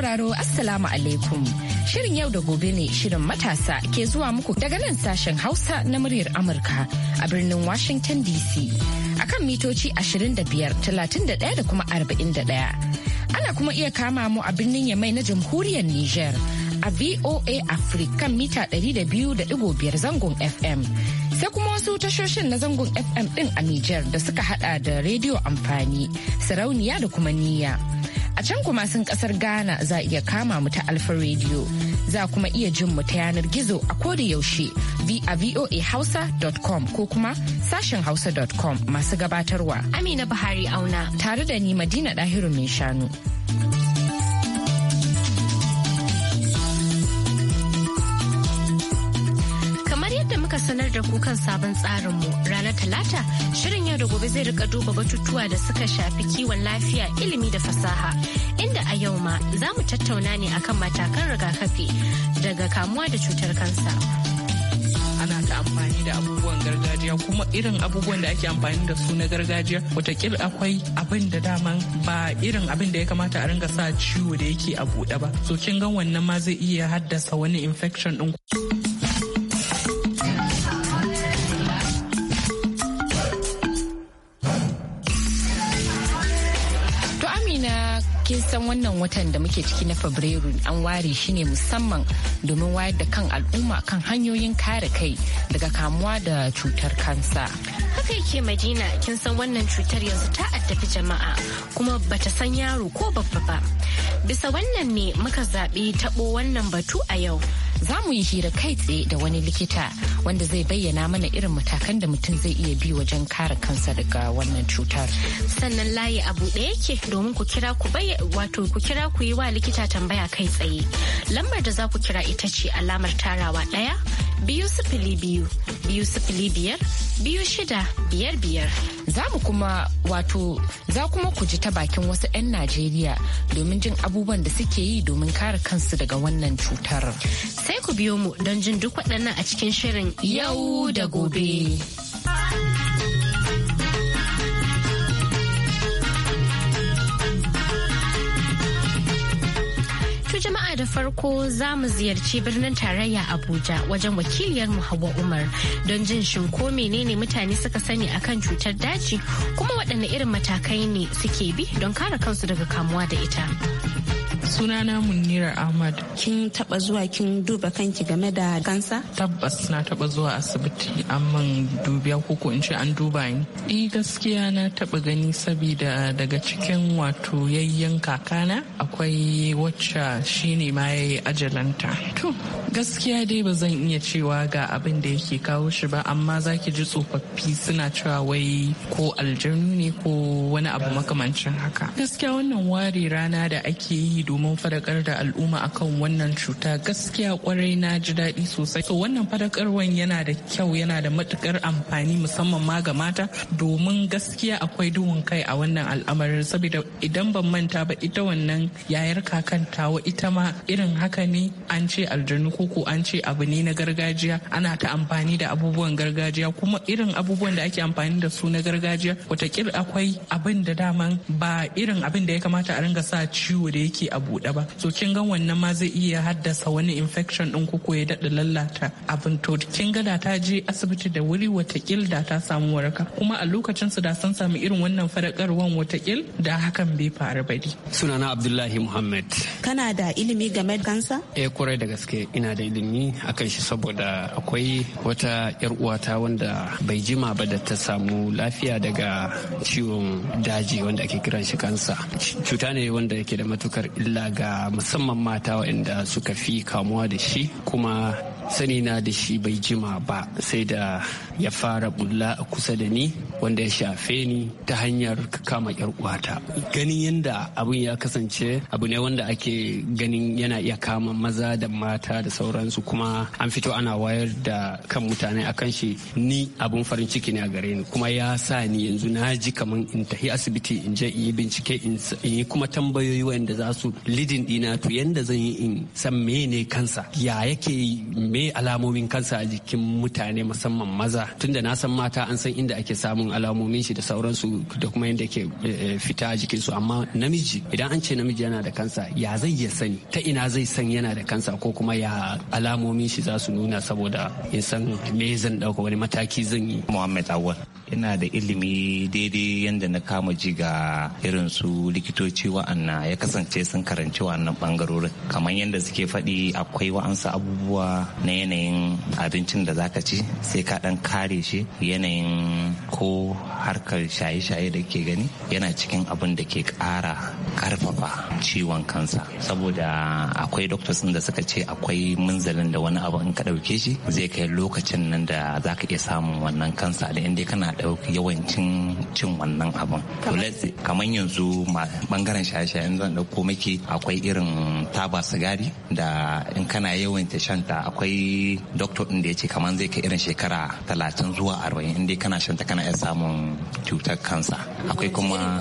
sauraro Assalamu alaikum. Shirin yau da gobe ne shirin matasa ke zuwa muku daga nan sashen Hausa na muryar Amurka a birnin Washington DC. a kan mitoci 25, 31 da kuma 41. Ana kuma iya kama mu a birnin Yamai na jamhuriyar Nijar. a VOA Africa kan mita 200.5 zangon FM. Sai kuma wasu tashoshin na zangon FM din a Nijar da suka hada da rediyo amfani, sarauniya da kuma niyya. A can kuma sun kasar Ghana za iya kama mu ta Alfa Radio. Za kuma iya jin mu ta yanar gizo a koda yaushe a voahausa.com ko kuma sashen hausa.com masu gabatarwa. Amina Buhari auna. Tare da ni Madina Dahiru mai shanu. da ku kan sabon tsarinmu ranar talata shirin yau da gobe zai rika duba batutuwa da suka shafi kiwon lafiya ilimi da fasaha inda a yau ma za mu tattauna ne akan matakan rigakafi daga kamuwa da cutar kansa ana ta amfani da abubuwan gargajiya kuma irin abubuwan da ake amfani da su na gargajiya watakila akwai abin da daman ba irin abin da ya kamata a ringa sa ciwo da yake a buɗe ba so kin ga wannan ma zai iya haddasa wani infection din kin san wannan watan da muke ciki na fabrairu an ware shi ne musamman domin wayar da kan al'umma kan hanyoyin kare kai daga kamuwa da cutar kansa haka yake madina kin san wannan cutar yanzu ta addabi jama'a kuma bata san yaro ko babba ba bisa wannan ne muka zaɓi taɓo wannan batu a yau za mu yi hira kai tsaye da wani likita wanda zai bayyana mana irin matakan da mutum zai iya bi wajen kare kansa daga wannan cutar. Sannan layi a buɗe yake domin ku kira ku wato ku kira ku yi wa likita tambaya kai tsaye. Lambar da za ku kira ita ce alamar tarawa ɗaya biyu sifili biyu biyu sifili biyar biyu shida biyar biyar za mu kuma wato za kuma ku ji ta bakin wasu 'yan najeriya domin jin abubuwan da suke yi domin kare kansu daga wannan cutar sai ku biyo mu don jin duk waɗannan a cikin shirin yau da gobe. jama'a da farko za mu ziyarci birnin tarayya Abuja wajen wakiliyar mu Hauwa Umar don jin shin ko menene mutane suka sani akan cutar daji kuma waɗanne irin matakai ne suke bi don kare kansu daga kamuwa da ita. sunana munira ahmad kin taba zuwa kin duba kanki game da kansa tabbas na taba zuwa asibiti amma dubiya koko in ce an duba ni e gaskiya na taba gani saboda daga cikin wato yayyen kakana akwai wacce shine ma yayi ajalanta to gaskiya dai ba zan iya cewa ga abin da yake kawo shi ba amma zaki ji tsofaffi suna cewa wai ko aljanu ne ko wani abu makamancin haka gaskiya wannan ware rana da ake yi domin domin fadakar da al'umma akan wannan cuta gaskiya kwarai na ji daɗi sosai so wannan fadakarwan yana da kyau yana da matukar amfani musamman ma ga mata domin gaskiya akwai duhun kai a wannan al'amarin saboda idan ban manta ba ita wannan yayar kakan tawa ita ma irin haka ne an ce aljanu koko an ce abu ne na gargajiya ana ta amfani da abubuwan gargajiya kuma irin abubuwan da ake amfani da su na gargajiya wata akwai abin da daman ba irin abin da ya kamata a ringa sa ciwo da yake abu buɗe ba so kin ga wannan ma zai iya haddasa wani infection ɗin ko ya daɗa lallata abin to kin ga da ta je asibiti da wuri watakil da ta samu waraka kuma a lokacin su da sun samu irin wannan fadakarwan watakil da hakan bai faru ba sunana abdullahi muhammad kana da ilimi game da kansa eh kwarai da gaske ina da ilimi akan shi saboda akwai wata yar uwata wanda bai jima ba da ta samu lafiya daga ciwon daji wanda ake kiran shi kansa cuta ne wanda yake da matukar illa ga musamman mata waɗanda suka fi kamuwa da shi kuma sani na da shi bai jima ba sai da ya fara bulla a kusa da ni wanda ya shafe ni ta hanyar kama yar uwata ganin yadda abin ya kasance abu ne wanda ake ganin yana iya kama maza da mata da sauransu kuma an fito ana wayar da kan mutane akan shi ni abun farin ciki ne a gare ni kuma ya sa ni yanzu na ji kaman in tafi asibiti in je in yi bincike in yi kuma tambayoyi wanda za su lidin dina to yadda zan yi in san me ne kansa ya yake me me alamomin kansa a jikin mutane musamman maza tunda na san mata an san inda ake samun alamomin shi da sauransu da kuma yadda ke eh, fita a jikinsu amma namiji idan an ce namiji yana da kansa ya zai ya sani ta ina zai san yana da kansa ko kuma ya alamomin shi za su nuna saboda in san me zan dauka wani mataki zan yi muhammad awal ina da ilimi daidai yadda na kama ji ga irin su likitoci wa'anna ya kasance sun karanci wa'annan bangarorin kamar yadda suke faɗi akwai wa'ansu abubuwa na yanayin abincin da zaka ci sai ka dan kare shi yanayin ko harkar shaye-shaye da ke gani yana cikin abin da ke kara karfafa ciwon kansa saboda akwai doctors da suka ce akwai munzalin da wani abu in ka dauke shi zai kai lokacin nan da zaka iya samun wannan kansa da inda kana dauki yawancin cin wannan abin to kamar yanzu bangaren shaye shaye zan dauko miki akwai irin taba sigari da in kana yawan ta shanta akwai akwai doctor din da ya ce kamar zai kai irin shekara talatin zuwa arba'in inda kana shan ta kana iya samun cutar kansa akwai kuma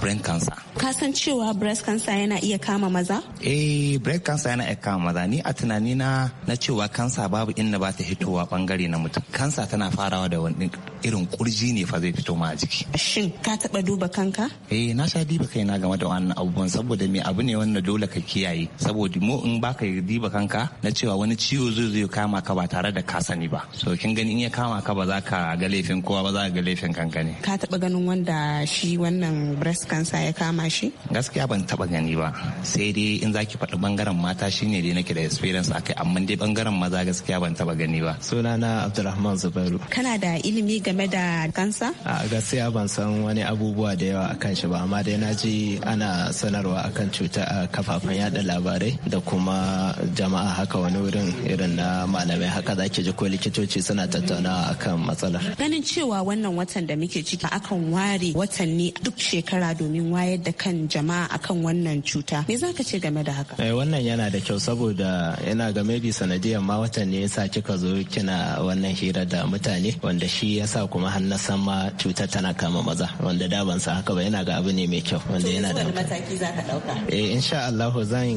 brain cancer ka san cewa breast cancer yana iya kama maza eh breast cancer yana iya kama maza ni a tunani na na cewa kansa babu inda ba ta hitowa bangare na mutum kansa tana farawa da wani irin kurji ne fa zai fito ma a jiki shin ka taba duba kanka eh na sha diba kaina game da wannan abubuwan saboda me abu ne wanda dole ka kiyaye saboda mu in baka diba kanka na cewa wani ciwo zai zai kama ka ba tare da ka sani ba so kin gani in ya kama ka ba za ka ga laifin kowa ba za ka ga laifin kankani. ne ka taba ganin wanda shi wannan breast cancer ya kama shi gaskiya ban taba gani ba sai dai in zaki faɗi bangaren mata shine dai nake da experience akai amma dai bangaren maza gaskiya ban taba gani ba sunana Abdulrahman Zubairu kana da ilimi game da kansa a gaskiya ban san wani abubuwa da yawa akan shi ba amma dai na ji ana sanarwa akan cuta a kafafen yada labarai da kuma jama'a haka wani wurin irin na malamai haka za ki ji ko likitoci suna tattaunawa akan matsalar. Ganin cewa wannan watan da muke ciki akan ware watanni duk shekara domin wayar da kan jama'a akan wannan cuta. Me za ka ce game da haka? Eh, wannan yana da kyau saboda yana ga maybe sanadiyar ma watan ne yasa kika zo kina wannan hira da mutane wanda shi yasa kuma har na san ma cutar tana kama maza wanda da ban sa haka ba yana ga abu ne mai kyau wanda yana da mataki za ka dauka. Eh, insha Allah zan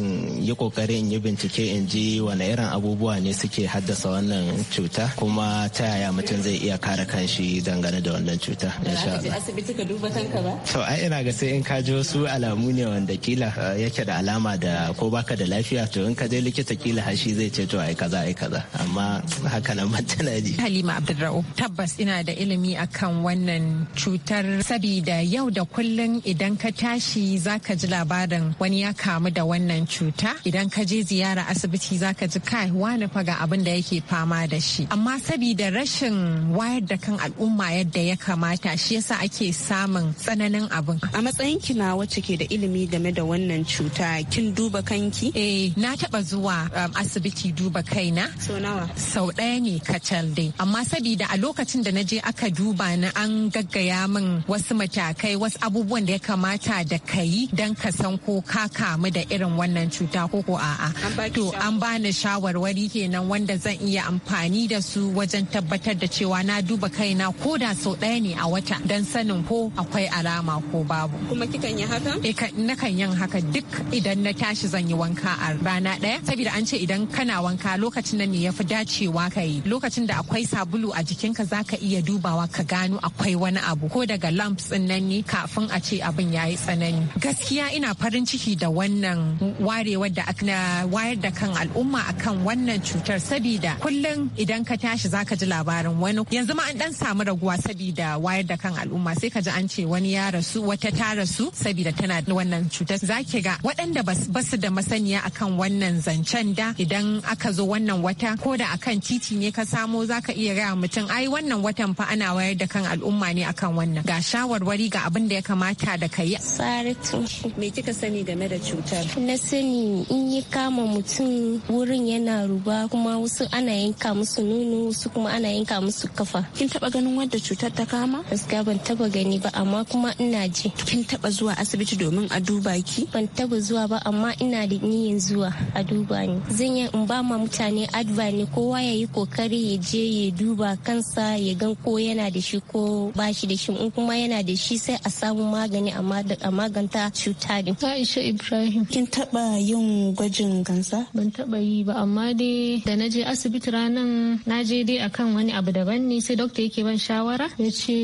yi kokari yi bincike in ji wani irin abu abubuwa ne suke haddasa wannan cuta kuma ta yaya mutum zai iya kare kanshi dangane da wannan cuta insha Allah asibiti ka duba kanka ba to ai ina ga sai in ka ji wasu alamu ne wanda kila uh, yake da alama da ko baka da lafiya to in ka je likita kila shi zai ce to ai kaza ai kaza amma haka nan mantana ji Halima Abdulra'u tabbas ina da ilimi akan wannan cutar sabida yau da kullun idan ka tashi zaka ji labarin wani ya kamu da wannan cuta idan ka je ziyara asibiti zaka ji kai wani fa ga abin da yake fama da shi amma saboda rashin wayar da kan al'umma yadda ya kamata shi yasa ake samun tsananin abin a matsayin ki na wacce ke da ilimi game da wannan cuta kin duba kanki eh na taba zuwa um, asibiti duba kaina sau nawa sau ɗaya ne kacal dai amma saboda a lokacin da na je aka duba na an gaggaya min wasu matakai wasu abubuwan da ya kamata da ka yi don ka san ko ka kamu da irin wannan cuta ko ko a'a to an bani shawarwari shawarwari kenan wanda zan iya amfani da su wajen tabbatar da cewa na duba kaina ko da sau ɗaya ne a wata don sanin ko akwai alama ko babu. Kuma kikan yi haka? Eh, na kan yin haka duk idan na tashi zan yi wanka a rana ɗaya. Saboda an ce idan kana wanka lokacin nan ne ya fi dacewa ka yi. Lokacin da akwai sabulu a jikinka za ka iya dubawa ka gano akwai wani abu ko daga lamps ɗin nan ne kafin a ce abin ya yi tsanani. Gaskiya ina farin ciki da wannan warewar da aka wayar da kan al'umma akan wannan wannan cutar sabida kullum idan ka tashi zaka ji labarin wani yanzu ma an dan samu raguwa sabida wayar da kan al'umma sai ka ji an ce wani ya rasu wata ta rasu sabida tana da wannan cutar zaki ga waɗanda ba su da masaniya akan wannan zancen da idan aka zo wannan wata ko da akan titi ne ka samo zaka iya gaya mutum ai wannan watan fa ana wayar da kan al'umma ne akan wannan ga shawarwari ga abin da ya kamata da ka yi saratu me kika sani game da cutar na sani in yi kama mutum wurin yana ruba kuma wasu ana yanka musu nono wasu kuma ana yanka musu kafa kin taba ganin wadda cutar ta kama gaskiya ban taba gani ba amma kuma ina ji kin taba zuwa asibiti domin a duba ki ban taba zuwa ba amma ina da niyyar zuwa a duba ni zan yi in ba ma mutane adva ne kowa ya yi kokari ya je ya duba kansa ya gan ko yana da shi ko ba shi da shi in kuma yana da shi sai a samu magani a maganta cuta din Aisha Ibrahim kin taba yin gwajin kansa ban taba yi ba amma dai dai da na je asibiti ranan na je dai akan wani abu daban ne sai dokta yake ban shawara ya ce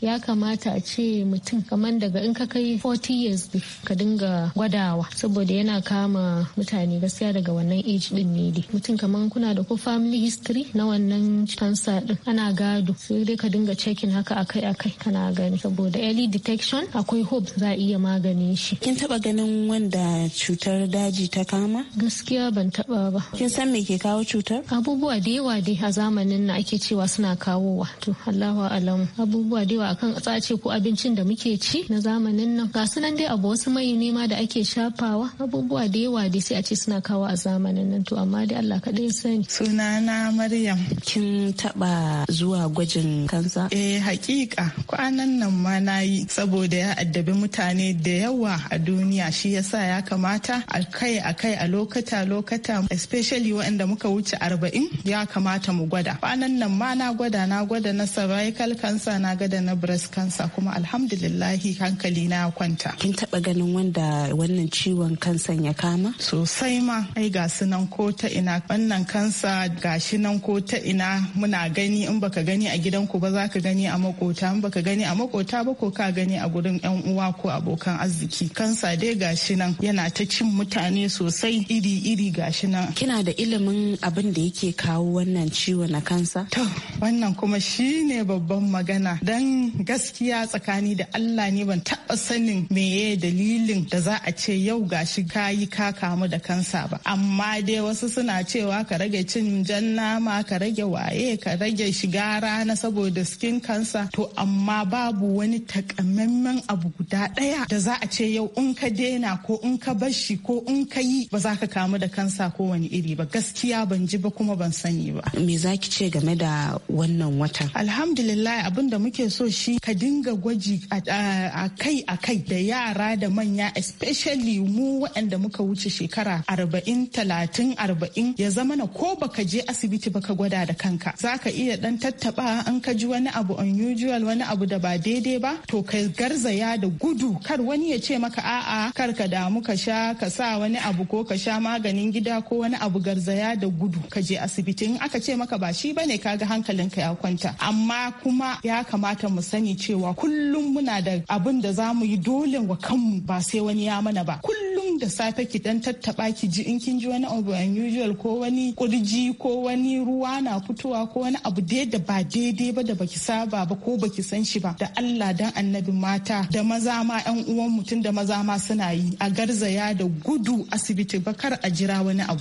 ya kamata a ce mutum kamar daga in ka kai 40 years ka dinga gwadawa saboda yana kama mutane gaskiya daga wannan age din ne dai mutum kamar kuna da ko family history na wannan cancer din ana gado sai dai ka dinga checking haka akai-akai kana gani saboda early detection akwai hope za a iya magani shi kin taba ganin wanda cutar daji ta kama gaskiya ban taba ba kin san ne ke kawo cutar abubuwa da yawa dai a zamanin na ake cewa suna kawowa to Allahu alam abubuwa da yawa akan tsace ko abincin da muke ci na zamanin nan ga sunan dai abu wasu mai nema da ake shafawa abubuwa da yawa dai sai a ce suna kawo a zamanin nan to amma dai Allah kaɗai sani suna na Maryam kin taɓa zuwa gwajin kansa eh hakika kwanan nan ma yi saboda ya addabi mutane da yawa a duniya shi yasa ya kamata a kai a kai a lokata lokata especially waɗanda muka wuce arba'in ya kamata mu gwada kwanan nan ma na gwada na gwada na cervical cancer na gwada na breast cancer kuma alhamdulillahi hankali na kwanta kin taba ganin wanda wannan ciwon kansan ya kama sosai ma ai ga su nan ko ta ina wannan kansa gashi nan ko ta ina muna gani in baka gani a gidan ku ba za ka gani a makota in baka gani a makota ba ko ka gani a gurin yan uwa ko abokan arziki kansa dai gashi nan yana ta cin mutane sosai iri iri gashi nan kina da ilimi ilimin abin da yake kawo wannan ciwo na kansa? To, wannan kuma shi ne babban magana don gaskiya tsakani da Allah ne ban taɓa sanin meye dalilin da za a ce yau gashi ka yi ka kamu da kansa ba. Amma dai wasu suna cewa ka rage cin jan nama, ka rage waye, ka rage shiga rana saboda skin kansa. To, amma babu wani takamaiman abu guda ɗaya da za a ce yau in ka daina ko in ka bashi ko in ka yi ba za ka kamu da kansa ko wani iri ba. gaskiya ban ji ba kuma ban sani ba me za ki ce game da wannan watan alhamdulillah abin da muke so shi ka dinga gwaji a kai a kai da yara da manya especially mu waɗanda muka wuce shekara arba'in talatin arba'in ya zama na ko baka je asibiti ba ka gwada da kanka za ka iya ɗan tattaɓa an ka ji wani abu unusual wani abu da ba daidai ba to ka garzaya da gudu kar wani ya ce maka a'a kar ka damu ka sha ka sa wani abu ko ka sha maganin gida ko wani abu garzaya tsaya da gudu ka je asibiti in aka ce maka ba shi bane kaga hankalinka ya kwanta amma kuma ya kamata mu sani cewa kullum muna da abin da za mu yi dole wa kanmu ba sai wani ya mana ba kullum da safe ki dan tattaba ki ji in kin ji wani abu unusual ko wani kurji ko wani ruwa na fitowa ko wani abu da ba daidai ba da baki saba ba ko baki san shi ba da Allah dan annabi mata da maza ma yan uwan mutum da maza ma suna yi a garzaya da gudu asibiti ba kar a jira wani abu.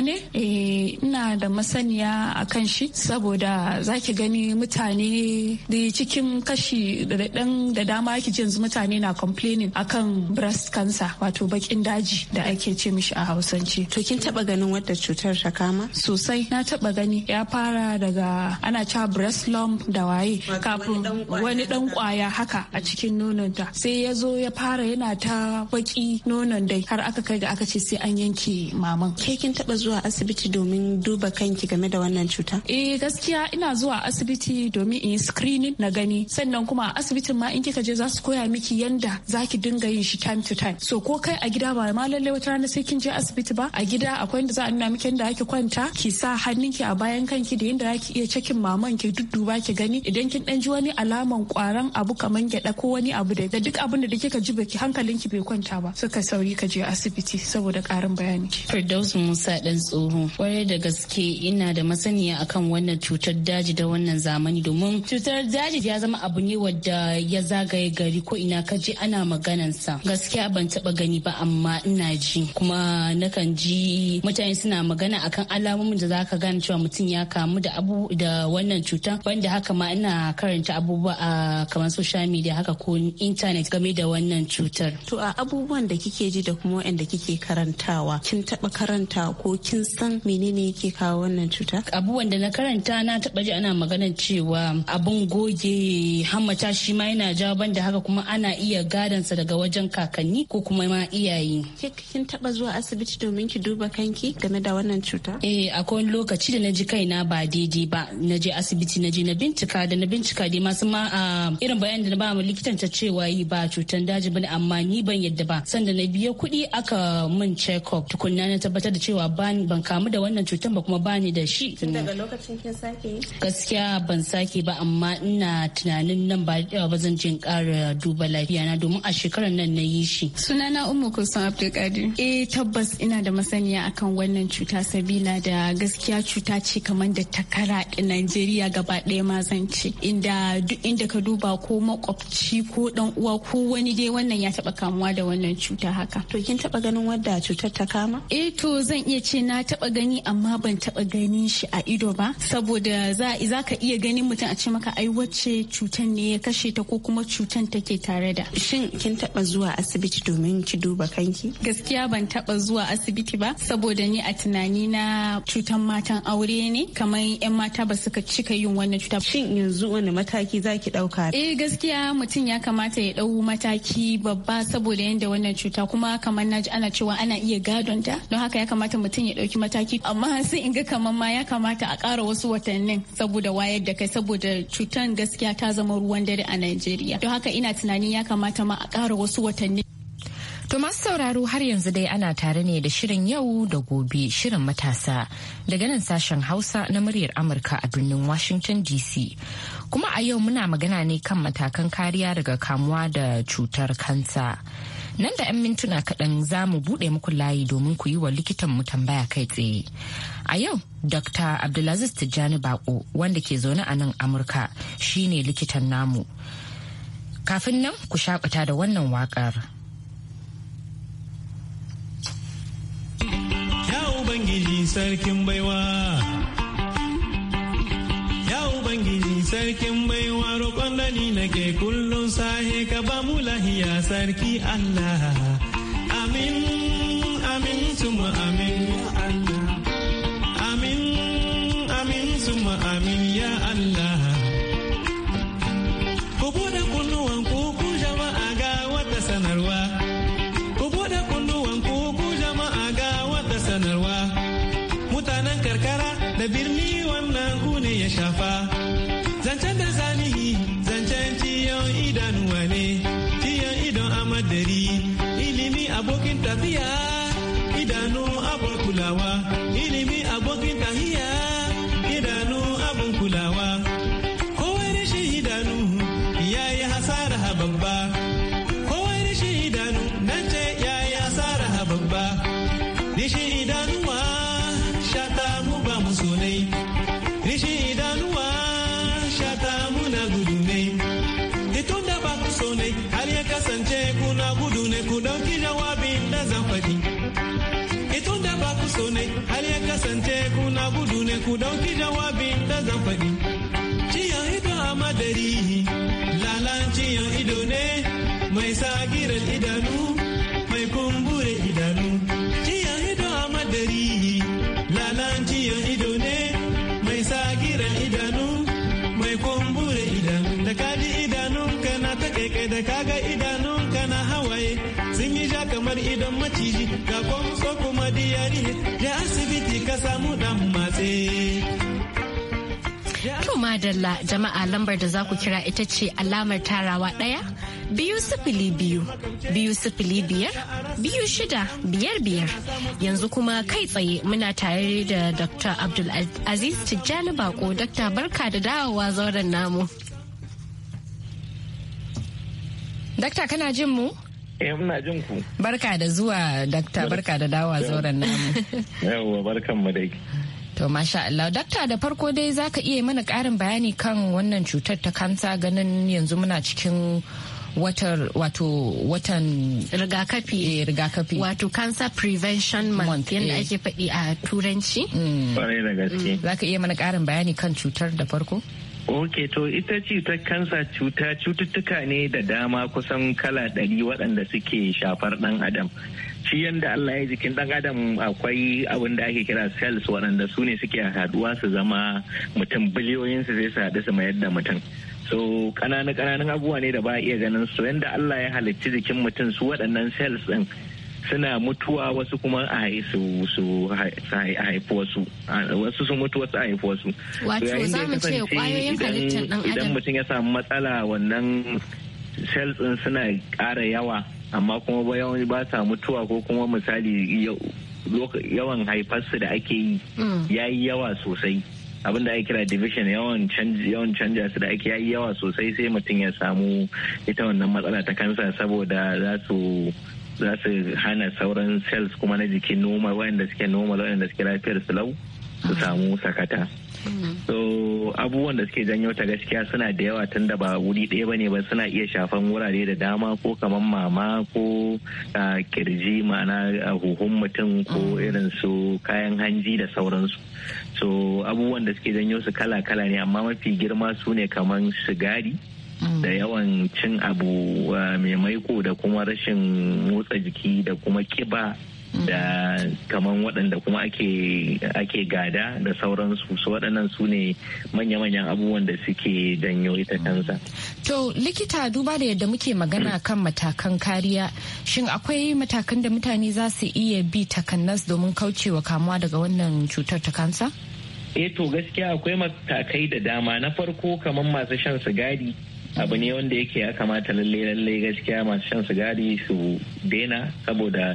ne eh, ina da masaniya a kan shi saboda za ki gani mutane da cikin kashi da dama ki ji yanzu mutane na complaining akan breast cancer wato bakin daji da ake ce mishi a hausance to kin taba ganin wadda cutar ta kama sosai na taba gani ya fara daga ana cewa breast lump da waye kafin wani dan kwaya haka a cikin nonon ta sai ya zo ya fara yana ta baki nonon dai har aka kai ga aka ce sai an yanke maman ke kin taba zuwa zuwa asibiti domin duba kanki game da wannan cuta? Eh gaskiya ina zuwa asibiti domin in yi screening na gani sannan kuma a asibitin ma in kika je za su koya miki yanda za ki dinga yin shi time to time. So ko kai a gida ba ma lallai wata rana sai kin je asibiti ba a gida akwai yanda za a nuna miki yanda ake kwanta ki sa hannunki a bayan kanki da yanda za ki iya cakin maman ki dudduba ki gani idan kin dan ji wani alaman kwaran abu kamar gyada ko wani abu da duk abin da kika ji baki hankalinki bai kwanta ba suka sauri ka je asibiti saboda karin bayani. Firdaus Musa dan tsoho kwarai da gaske ina da masaniya akan wannan cutar daji da wannan zamani domin cutar daji ya zama abu ne wadda ya zagaye gari ko ina ka je ana sa gaskiya ban taba gani ba amma ina ji kuma nakan ji mutane suna magana akan alamomin da zaka gane cewa mutum ya kamu da abu da wannan cutar wanda haka ma ina karanta abubuwa a kamar social media haka ko internet game da wannan cutar to a abubuwan da kike ji da kuma wanda kike karantawa kin taba karanta ko kin san menene yake kawo wannan cuta abubuwan da na karanta na taba ji ana maganar cewa abun goge hammata shi ma yana jawo da haka kuma ana iya gadon sa daga wajen kakanni ko kuma ma iyaye kin taba zuwa asibiti domin ki duba kanki game da wannan cuta eh akwai lokaci da na ji kaina ba daidai ba na asibiti naje na bincika da na bincika dai masu ma irin bayan da na ba mu likitan ta cewa yi ba cutan daji bane amma ni ban yadda ba sanda na biya kuɗi aka mun check up tukunna na tabbatar da cewa ba bani ban kamu da wannan cutar ba kuma bani da shi tun daga lokacin kin sake gaskiya ban sake ba amma ina tunanin nan ba da ba zan jin kara duba lafiya na domin a shekarar nan na yi shi sunana ummu kusan abdulkadir eh tabbas ina da masaniya akan wannan cuta sabila da gaskiya cuta ce kamar da takara Najeriya gaba ɗaya ma zan ce inda duk inda ka duba ko makwabci ko dan uwa ko wani dai wannan ya taba kamuwa da wannan cuta haka to kin taba ganin wadda cutar ta kama eh to zan iya ce ce na taba gani amma ban taba ganin shi a ido ba saboda za ka iya ganin mutum a ce maka ai wacce cutan ne ya kashe ta ko kuma cutan take tare da shin kin taba zuwa asibiti domin ki duba kanki gaskiya ban taba zuwa asibiti ba saboda ni a tunani na cutan matan aure ne kamar yan mata ba suka cika yin wannan cuta shin yanzu wani mataki zaki dauka eh gaskiya mutum ya kamata ya dau mataki babba saboda yanda wannan cuta kuma kamar naji ana cewa ana iya gadon ta don haka ya kamata mutum ya dauki mataki amma sai in ga kamar ma ya kamata a kara wasu watannin saboda wayar da kai saboda cutar gaskiya ta zama ruwan dare a Najeriya don haka ina tunanin ya kamata ma a kara wasu watanni To masu sauraro har yanzu dai ana tare ne da shirin yau da gobe shirin matasa daga nan sashen Hausa na muryar Amurka a birnin Washington DC. Kuma a yau muna magana ne kan matakan kariya daga kamuwa da cutar kansa. Nan da 'yan mintuna kaɗan za mu buɗe muku layi domin ku yi wa likitan mu tambaya kai tsaye. A yau, Dr. Abdulaziz Tijjani Bako wanda ke zaune a nan Amurka shi ne likitan namu. Kafin nan ku shakata da wannan waƙar. Ya Ubangiji sarkin baiwa. Ya Ubangiji sarkin baiwa roƙon da ni nake lahi ka ba mu lahiya sarki Allah amin amin tuma amin kulawa. gari lalaciyan ido ne mai sagirar idanu mai kumbure idanu ciyan ido a madari ido ne mai sagirar idanu mai kumbure idanu da kaji na ta da kaga idanunka na hawaye sun yi ja kamar idon maciji ga kwamso kuma diyari ya asibiti ka samu dan matse madalla jama'a lambar da za ku kira ita ce alamar tarawa ɗaya biyu sifili biyu biyu sifili biyar biyu shida biyar biyar yanzu kuma kai tsaye muna tare da dr abdul aziz tijjani bako dr barka da dawowa zauren namu dakta kana jin mu Eh muna jin ku. Barka da zuwa dakta barka da dawa zauren namu. Yawwa barkan mu dai. To masha Allah, dakta da farko dai za ka iya mana ƙarin bayani kan wannan cutar ta kansa ganin yanzu muna cikin watar wato watan rigakafi eh, rigakafi wato cancer prevention month, yadda eh. ake faɗi a turanci mm. kwarai mm. za ka iya mana ƙarin bayani kan cutar da farko Ok, to ita cutar kansa cuta cututtuka ne da dama kusan kala ɗari waɗanda suke shafar ɗan adam. shi yanda Allah ya jikin dan adam akwai abin da ake kira cells waɗanda su ne suke haduwa su zama mutum biliyoyin su zai su haɗu su mayar da mutum so ƙananan ƙananan abubuwa ne da ba iya ganin su yanda Allah ya halicci jikin mutum su waɗannan cells din suna mutuwa wasu kuma a su su wasu wasu su mutu wasu a haifu wasu wato za mu ce kwayoyin dan adam idan mutum ya samu matsala wannan cells din suna ƙara yawa amma kuma yawan ba sa mutuwa ko kuma misali yawan haifarsu da ake yi mm. ya yi yawa sosai abin da ake kira division yawan canja su da ake yi yawa sosai sai mutum ya samu ita wannan matsala ta kansa saboda za su za su hana sauran cells kuma na jikin normal wayanda suke normal wayanda suke lafiyar su lau su mm. samu sakata. so abubuwan da suke janyo ta gaskiya suna da yawa tun da ba wuri ɗaya bane ba suna iya shafan wurare da dama ko kamar mama ko kirji ma'ana huhun mutum ko mm. irin su kayan hanji da sauransu so abubuwan da suke janyo su kala-kala ne amma mafi girma su ne kamar sigari mm. da yawan cin abu mai maiko da kuma rashin motsa jiki da kuma kiba da kaman waɗanda kuma ake gada da sauransu su waɗannan su ne manya-manyan abubuwan da suke janyo ita kansa. To likita duba da yadda muke magana mm. kan matakan kariya shin akwai matakan da mutane za su iya bi takannas domin kaucewa kamuwa daga wannan cutar ta kansa? eh to gaskiya akwai matakai da dama na farko kamar masu shan sigari abu ne wanda yake ya kamata lalle lalle gaskiya masu shan sigari su daina saboda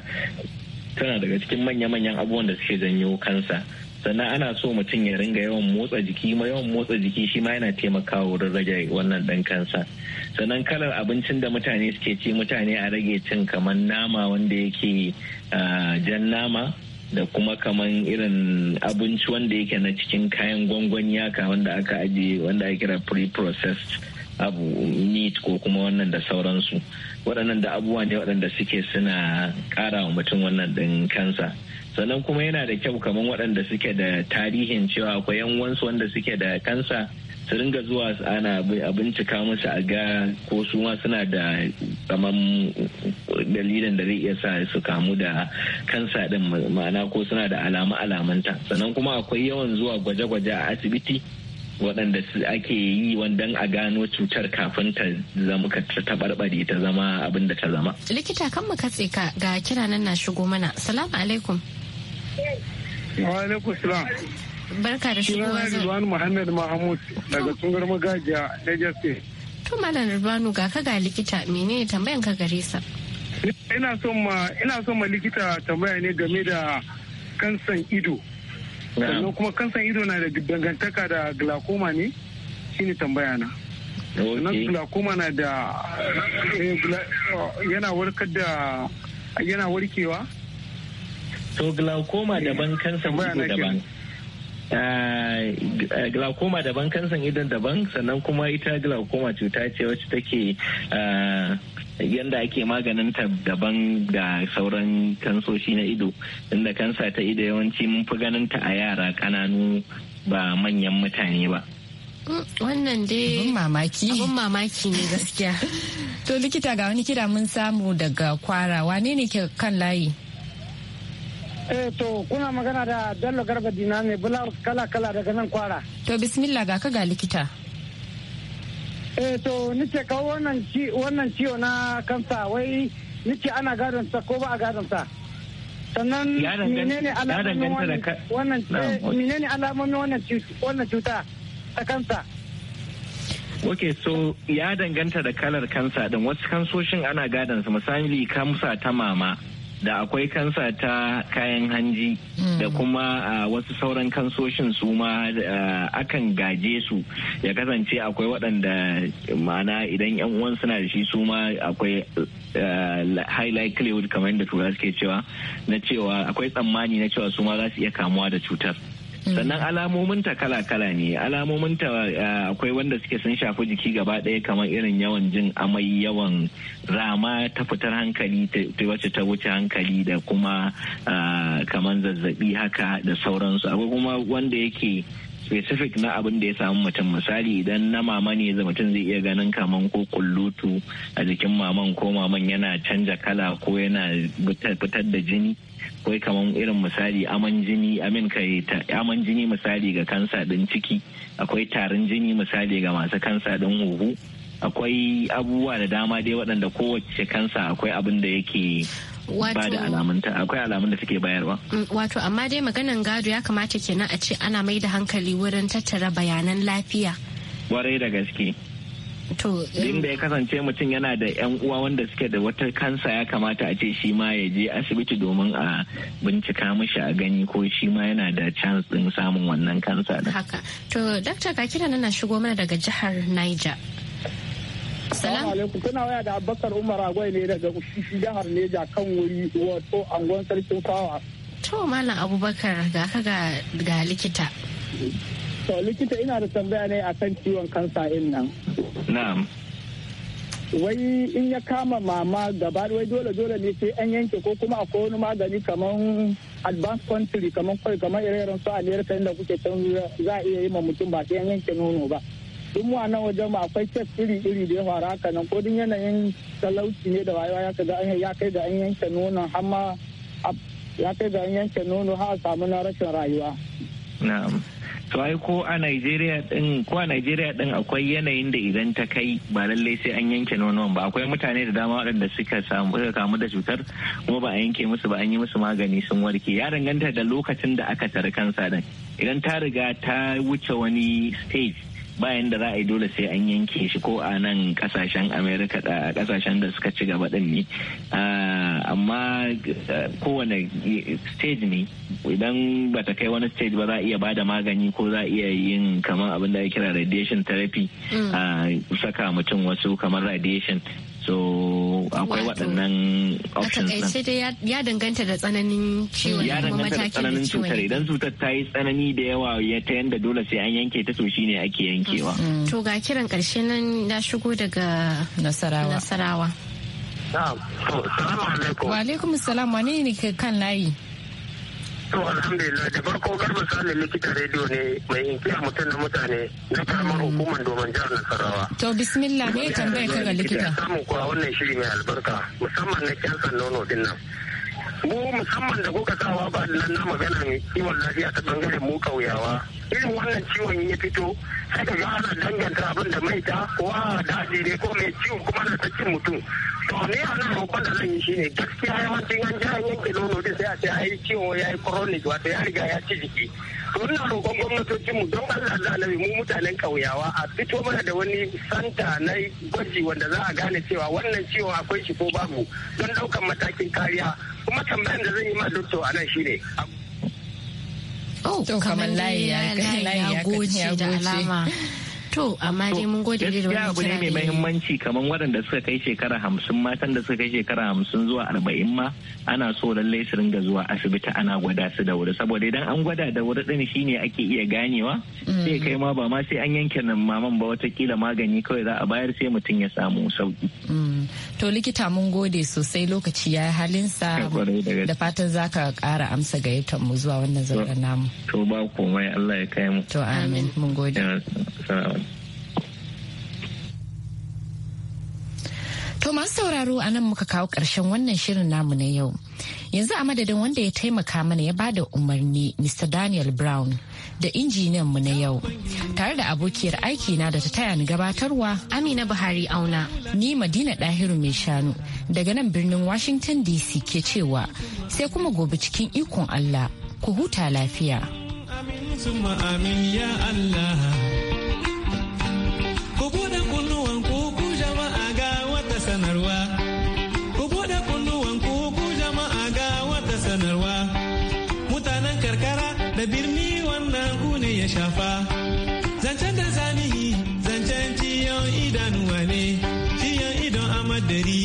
tana daga cikin manya-manyan abubuwan da suke janyo kansa sannan ana so mutum ya ringa yawan motsa jiki ma yawan motsa jiki shi ma yana taimakawa wurin rage wannan ɗan kansa sannan kalar abincin da mutane suke ci mutane a rage cin kamar nama wanda yake jan nama da kuma kaman irin abinci wanda yake na cikin kayan gwangwani yaka wanda aka ajiye wanda ake kira pre-processed abu meat ko kuma wannan da sauransu waɗannan da abubuwa ne waɗanda suke suna ƙara wa mutum wannan ɗin kansa sannan kuma yana da kyau kamar waɗanda suke da tarihin cewa akwai yan wansu wanda suke da kansa su ringa zuwa ana bincika musu a ga ko su ma suna da tsaman dalilin da zai iya sa su kamu da kansa din ma'ana ko suna da alama alamanta sannan kuma akwai yawan zuwa gwaje-gwaje a asibiti waɗanda ake yi wanda a gano cutar kafin ta zama ka taɓarɓare ta zama abin da ta zama. Likita kan mu katse ka ga kira nan na shigo mana. Salamu alaikum. Wa alaikum salam. Barka da shigowa zai. Rizwan Muhammad Mahmud daga Tungar Magajiya na State. To Malam Rizwanu ga ka ga likita menene tambayan ka gare sa? Ina son ma likita tambaya ne game da kansan ido. sannan kuma kansan ido na da dangantaka da glaucoma ne shine tambaya na sannan glaucoma na da eh, eh, yana warkar da yana warkewa to glaucoma eh, daban kansan ido daban ah, glaucoma daban kansan idon daban sannan kuma ita glaucoma cuta ce wacce take ah, yanda ake maganin ta daban da sauran kansoshi na ido inda kansa ta ido yawanci mun fi ganin ta a yara kananu ba manyan mutane ba mm, wannan dai abun mamaki ne gaskiya to likita ga wani kira mun samu daga kwara wane ne ke kan layi eh to kuna magana da dallo garba dina ne kala kala daga nan kwara to bismillah ga ka ga likita eh to nace ka wannan ci wannan ciwo na kansa wai nace ana gadon sa ko ba a gadon sa sannan eh, menene alamomin wannan menene alamomin wannan wannan cuta ta kansa Ok, so ya danganta da kalar kansa din wasu kansoshin ana gadon su misali kamsa ta mama da akwai kansa ta kayan hanji hmm. da kuma wasu sauran kansoshin su ma akan gaje su ya kasance akwai waɗanda ma'ana idan yan uwan suna da shi su ma akwai high likelihood kamar yadda turai suke cewa na cewa akwai tsammani na cewa su ma za su iya kamuwa da cutar. sannan alamominta kala-kala ne alamominta eh, akwai wanda suke sun shafi jiki gaba ɗaya kamar irin yawan jin amai yawan rama ta fitar hankali ta wacce ta wuce hankali da kuma eh, kamar zazzabi haka da sauransu akwai kuma wanda yake specific na abin da ya samu mutum misali idan na mama ne za mutum zai iya ganin kaman ko kullutu a jikin maman ko maman yana canja kala ko yana fitar da jini ko kaman irin misali aman jini amin kai aman jini misali ga kansa din ciki akwai tarin jini misali ga masu kansa din huhu akwai abubuwa da dama dai waɗanda kowace kansa akwai abin da yake ba da alamunta akwai alamun da suke bayarwa. Mm, wato amma dai maganan gado ya kamata kenan a ce ana mai da hankali wurin tattara bayanan lafiya. Warai da gaske. To, eh, da ya kasance mutum yana da 'yan uwa wanda suke da wata kansa ya kamata a ce shi ma ya je asibiti domin a bincika mashi a gani ko shi ma yana da chance din samun wannan kansa. Haka. To, dakta Kakira nana shigo mana daga jihar Niger. Salam alaikum kuna waya da Abubakar Umar Agwai ne daga Ushishi jihar Neja kan wuri wato angon sarkin fawa. To Malam Abubakar ga ka ga likita. To likita ina da tambaya ne akan ciwon kansa in nan. Na'am. Wai in ya kama mama gaba wai dole dole ne sai an yanke ko kuma akwai wani magani kaman advanced country kaman kawai kaman ire-iren su Amerika inda kuke can za a iya yi ma mutum ba sai an yanke nono ba. duk mu a nan wajen mu akwai cek iri-iri da ya faru haka nan ko duk yanayin talauci ne da wayewa ya kai da an yanke nono har ma ya kai da an yanke nono har a samu na rashin rayuwa. Na'am. To ko a Najeriya ɗin ko a Najeriya din akwai yanayin da idan ta kai ba lallai sai an yanke nonon ba akwai mutane da dama waɗanda suka samu suka kamu da cutar kuma ba a yanke musu ba an yi musu magani sun warke ya danganta da lokacin da aka tare kansa din idan ta riga ta wuce wani stage bayan da za a yi dole sai an yanke shi ko a nan kasashen amerika da kasashen da suka ci gaba din ne ah, amma eh, kowane stage ne idan ba ta kai wani stage ba za a iya ba da magani ko za a iya yin kamar abin da ya kira radiation therapy mm. ah, saka mutum wasu kamar radiation so akwai waɗannan options na ya danganta da tsananin ciwon ya danganta da tsananin cutar idan cutar ta yi tsanani da yawa ya ta yanda dole sai an yanke ta to shine ake yankewa. Mm. Mm. To ga kiran karshe nan ya shigo daga Nasarawa. Nasarawa. Wa alaikum salam wane ne kan layi? To alhamdulillah da farko garba sale likita rediyo ne mai inkiya mutum na mutane na karamar hukumar domin jihar Nasarawa. To bismillah me tambayar ka likita? Samun kuwa wannan shiri mai albarka musamman na kyansan nono din nan. Mu musamman da kuka sa ba nan na magana maganar kiwon lafiya ta bangaren mu kauyawa irin wannan ciwon ya fito sai ka ga ana danganta abin da mai ta ko a daji ne ko mai ciwon kuma ta sakin mutum to ne a nan roƙon da zan yi shine gaskiya yawancin an ji an yanke nono din sai a ce ai ciwo ya yi chronic wato ya riga ya ci jiki to ina roƙon gwamnatocin mu don Allah da Allah mu mutanen ƙauyawa a fito mana da wani santa na gwaji wanda za a gane cewa wannan ciwo akwai shi ko babu don ɗaukan matakin kariya kuma tambayan da zan yi ma dokto a nan shine oh kamar layi ya goce da alama To amma dai mun gode da wani abu ne mai mahimmanci kamar waɗanda suka kai shekara hamsin matan da suka kai shekara hamsin zuwa arba'in ma ana so lallai su ringa zuwa asibiti ana gwada su da wuri saboda idan an gwada da wuri ɗin ne ake iya ganewa sai kai ma ba ma sai an yanke nan maman ba watakila magani kawai za a bayar sai mutum ya samu sauki. Mm. To likita mun gode sosai lokaci ya halinsa da fatan za ka ƙara amsa gayyatar mu zuwa wannan zaɓen namu. To ba komai Allah ya kai mu. To amin mun gode. To masu sauraro a nan muka kawo ƙarshen wannan shirin namu na yau. Yanzu a madadin wanda ya taimaka mana ya bada umarni Mr. Daniel Brown da injiniyan mu na yau. Tare da abokiyar aiki na da ta taya ni gabatarwa Amina Buhari Auna. Ni Madina Dahiru mai shanu daga nan birnin Washington DC ke cewa sai kuma gobe cikin ikon Allah ku huta lafiya. Amin, amin ya Allah. shafa zancen da zanihi zancen ciyon idanuwa ne ciyon idon amadari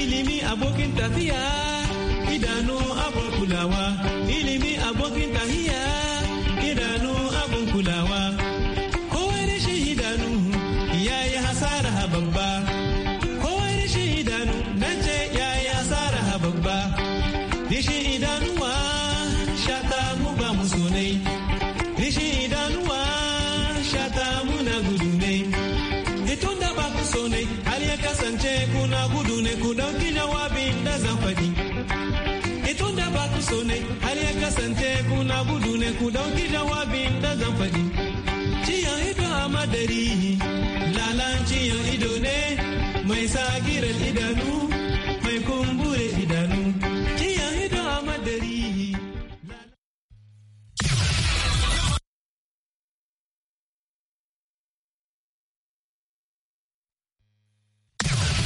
ilimi abokin tafiya idanu abokulawa kulawa ilimi abokin tahiya ku dauki jawabin da zan faɗi. Ciyan ido a madari, lalan ciyan ido ne mai sa idanu.